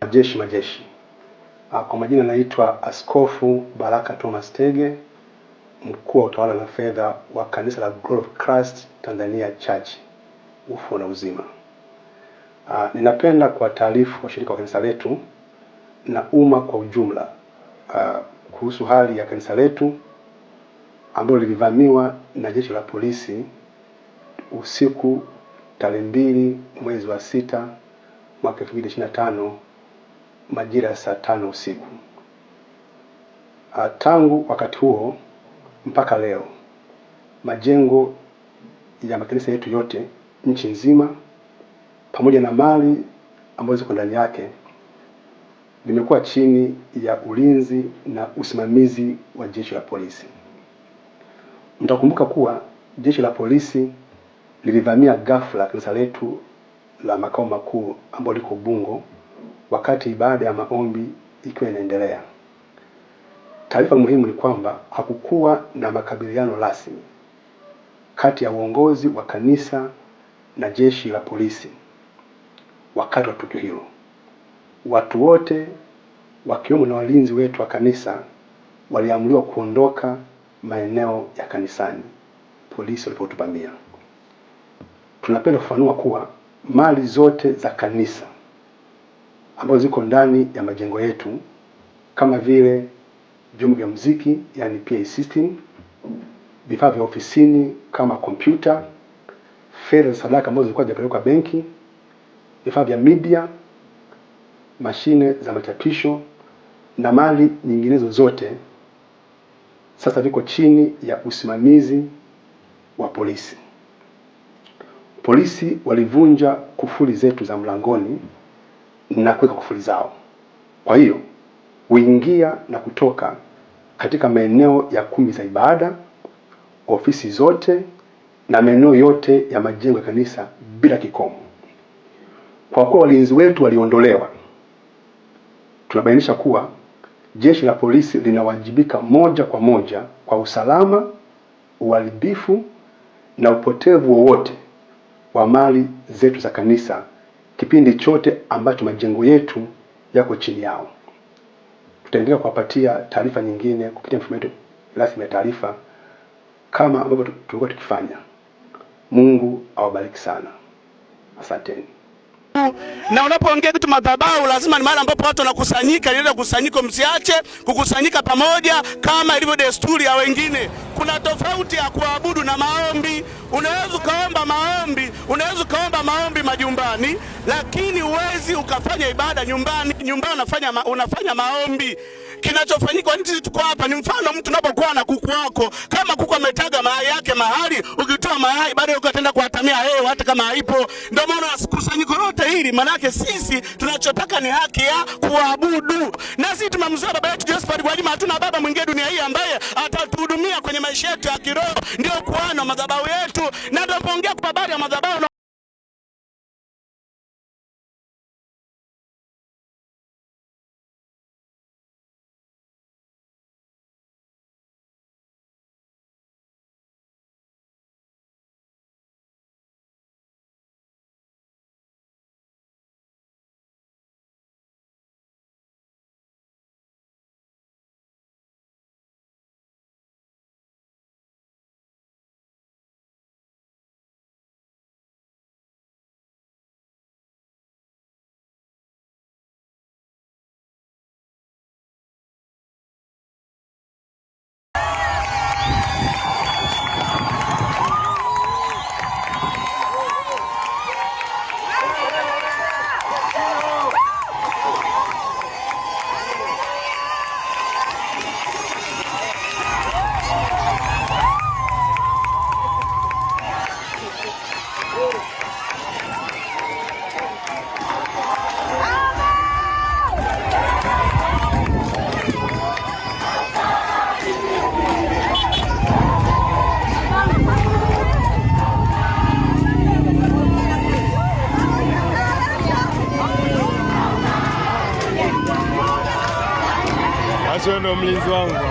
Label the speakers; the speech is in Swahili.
Speaker 1: Majeshi majeshi, ah, kwa majina naitwa Askofu Baraka Thomas Tege, mkuu wa utawala na fedha wa kanisa la Glory of Christ Tanzania Church, Ufufuo na Uzima. Uh, ninapenda kwa washirika wa kanisa letu na umma kwa ujumla uh, kuhusu hali ya kanisa letu ambalo lilivamiwa na jeshi la polisi usiku tarehe mbili mwezi wa sita mwaka elfu mbili ishirini na tano majira ya saa tano usiku. Uh, tangu wakati huo mpaka leo majengo ya makanisa yetu yote nchi nzima pamoja na mali ambazo ziko ndani yake vimekuwa chini ya ulinzi na usimamizi wa jeshi la polisi. Mtakumbuka kuwa jeshi la polisi lilivamia ghafla kanisa letu la makao makuu ambalo liko Ubungo wakati ibada ya maombi ikiwa inaendelea. Taarifa muhimu ni kwamba hakukuwa na makabiliano rasmi kati ya uongozi wa kanisa na jeshi la polisi wakati wa tukio hilo. Watu wote wakiwemo na walinzi wetu wa kanisa waliamriwa kuondoka maeneo ya kanisani polisi walipotuvamia. Tunapenda kufafanua kuwa mali zote za kanisa ambazo ziko ndani ya majengo yetu kama vile vyombo vya muziki, yani PA system, vifaa vya ofisini kama kompyuta, fedha za sadaka ambazo zilikuwa zimepelekwa benki vifaa vya media, mashine za machapisho na mali nyinginezo zote sasa viko chini ya usimamizi wa polisi. Polisi walivunja kufuli zetu za mlangoni na kuweka kufuli zao, kwa hiyo huingia na kutoka katika maeneo ya kumbi za ibada, ofisi zote na maeneo yote ya majengo ya kanisa bila kikomo. Kwa kuwa walinzi wetu waliondolewa, tunabainisha kuwa jeshi la polisi linawajibika moja kwa moja kwa usalama, uharibifu na upotevu wowote wa mali zetu za kanisa kipindi chote ambacho majengo yetu yako chini yao. Tutaendelea kuwapatia taarifa nyingine kupitia mfumo wetu rasmi ya taarifa kama ambavyo tulikuwa tukifanya. Mungu awabariki sana, asanteni
Speaker 2: na unapoongea kitu madhabahu, lazima ni mahali ambapo watu wanakusanyika, nienda kusanyiko, msiache kukusanyika pamoja kama ilivyo desturi ya wengine. Kuna tofauti ya kuabudu na maombi. Unaweza ukaomba maombi, unaweza ukaomba maombi majumbani, lakini huwezi ukafanya ibada nyumbani. Nyumbani unafanya, ma, unafanya maombi kinachofanyika nchi tuko hapa ni mfano, mtu unapokuwa na kuku wako, kama kuku ametaga mayai yake mahali, ukitoa mayai bado ukatenda kuatamia hewa, hata kama haipo. Ndio maana wasikusanyiko lote hili, manake sisi tunachotaka ni haki ya kuabudu, na sisi tumemzoea baba yetu Josephat Gwajima. Hatuna baba mwingine dunia hii ambaye atatuhudumia kwenye maisha yetu ya kiroho, ndio kuana madhabahu yetu, na ndio kuongea kwa habari ya madhabahu. Acho ndo mlinzi wangu.